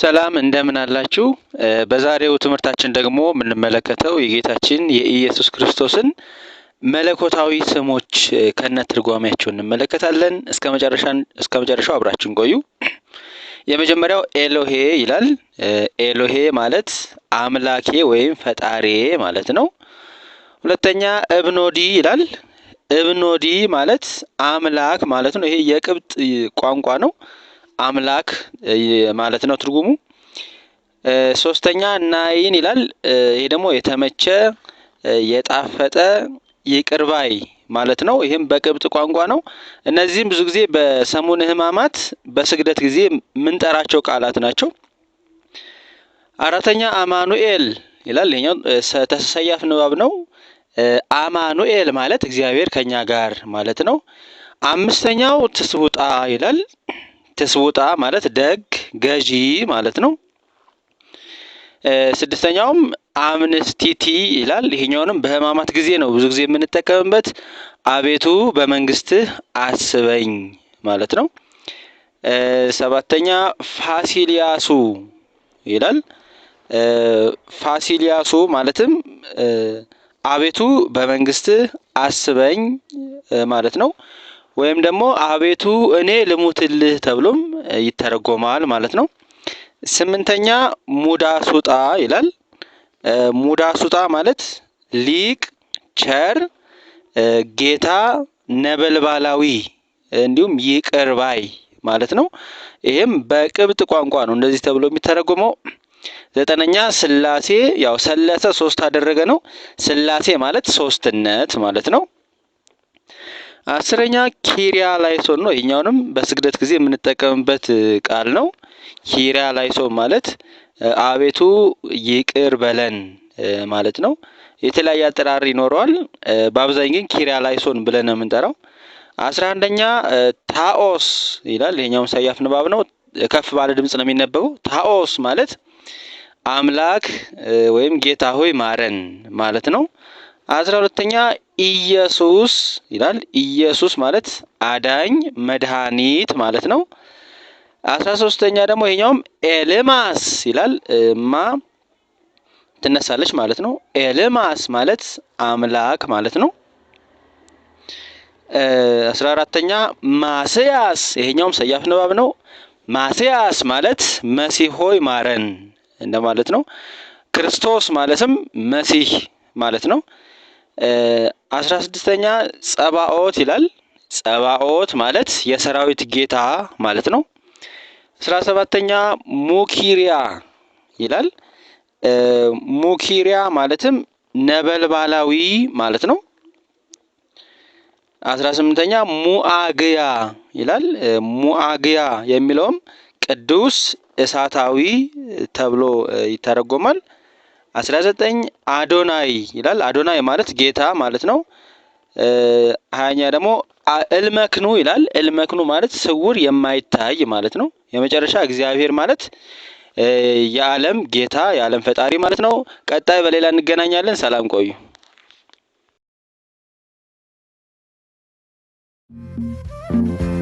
ሰላም እንደምን አላችሁ። በዛሬው ትምህርታችን ደግሞ የምንመለከተው የጌታችን የኢየሱስ ክርስቶስን መለኮታዊ ስሞች ከነ ትርጓሜያቸው እንመለከታለን። እስከ መጨረሻ እስከ መጨረሻው አብራችን ቆዩ። የመጀመሪያው ኤሎሄ ይላል። ኤሎሄ ማለት አምላኬ ወይም ፈጣሬ ማለት ነው። ሁለተኛ እብኖዲ ይላል። እብኖዲ ማለት አምላክ ማለት ነው። ይሄ የቅብጥ ቋንቋ ነው። አምላክ ማለት ነው ትርጉሙ። ሶስተኛ ናይን ይላል። ይሄ ደግሞ የተመቸ የጣፈጠ ይቅርባይ ማለት ነው። ይህም በቅብጥ ቋንቋ ነው። እነዚህም ብዙ ጊዜ በሰሙን ሕማማት በስግደት ጊዜ የምንጠራቸው ቃላት ናቸው። አራተኛ አማኑኤል ይላል። ይሄኛው ተሰያፍ ንባብ ነው። አማኑኤል ማለት እግዚአብሔር ከኛ ጋር ማለት ነው። አምስተኛው ትስውጣ ይላል። ትስውጣ ማለት ደግ ገዢ ማለት ነው። ስድስተኛውም አምንስቲቲ ይላል። ይሄኛውንም በህማማት ጊዜ ነው ብዙ ጊዜ የምንጠቀምበት። አቤቱ በመንግስትህ አስበኝ ማለት ነው። ሰባተኛ ፋሲሊያሱ ይላል። ፋሲሊያሱ ማለትም አቤቱ በመንግስትህ አስበኝ ማለት ነው። ወይም ደግሞ አቤቱ እኔ ልሙትልህ ተብሎም ይተረጎማል ማለት ነው። ስምንተኛ ሙዳ ሱጣ ይላል። ሙዳ ሱጣ ማለት ሊቅ፣ ቸር፣ ጌታ፣ ነበልባላዊ እንዲሁም ይቅር ባይ ማለት ነው። ይህም በቅብጥ ቋንቋ ነው እንደዚህ ተብሎ የሚተረጎመው። ዘጠነኛ ስላሴ ያው ሰለሰ ሶስት አደረገ ነው። ስላሴ ማለት ሶስትነት ማለት ነው። አስረኛ ኪሪያ ላይሶን ነው። ይህኛውንም በስግደት ጊዜ የምንጠቀምበት ቃል ነው። ኪሪያ ላይሶን ማለት አቤቱ ይቅር በለን ማለት ነው። የተለያየ አጠራር ይኖረዋል። በአብዛኛው ግን ኪሪያ ላይሶን ብለን ነው የምንጠራው። አስራ አንደኛ ታኦስ ይላል። ይሄኛውም ሰያፍ ንባብ ነው። ከፍ ባለ ድምጽ ነው የሚነበበው። ታኦስ ማለት አምላክ ወይም ጌታ ሆይ ማረን ማለት ነው። አስራ ሁለተኛ ኢየሱስ ይላል። ኢየሱስ ማለት አዳኝ መድኃኒት ማለት ነው። አስራ ሶስተኛ ደግሞ ይሄኛውም ኤልማስ ይላል። ማ ትነሳለች ማለት ነው። ኤልማስ ማለት አምላክ ማለት ነው። አስራ አራተኛ ማስያስ፣ ይሄኛውም ሰያፍ ንባብ ነው። ማስያስ ማለት መሲሆይ ማረን እንደማለት ነው። ክርስቶስ ማለትም መሲህ ማለት ነው። አስራ ስድስተኛ ጸባኦት ይላል። ጸባኦት ማለት የሰራዊት ጌታ ማለት ነው። አስራ ሰባተኛ ሙኪሪያ ይላል። ሙኪሪያ ማለትም ነበልባላዊ ማለት ነው። አስራ ስምንተኛ ሙአግያ ይላል። ሙአግያ የሚለውም ቅዱስ እሳታዊ ተብሎ ይተረጎማል። 19 አዶናይ ይላል። አዶናይ ማለት ጌታ ማለት ነው። ሀያኛ ደግሞ እልመክኑ ይላል። እልመክኑ ማለት ስውር የማይታይ ማለት ነው። የመጨረሻ እግዚአብሔር ማለት የዓለም ጌታ የዓለም ፈጣሪ ማለት ነው። ቀጣይ በሌላ እንገናኛለን። ሰላም ቆዩ። Thank you.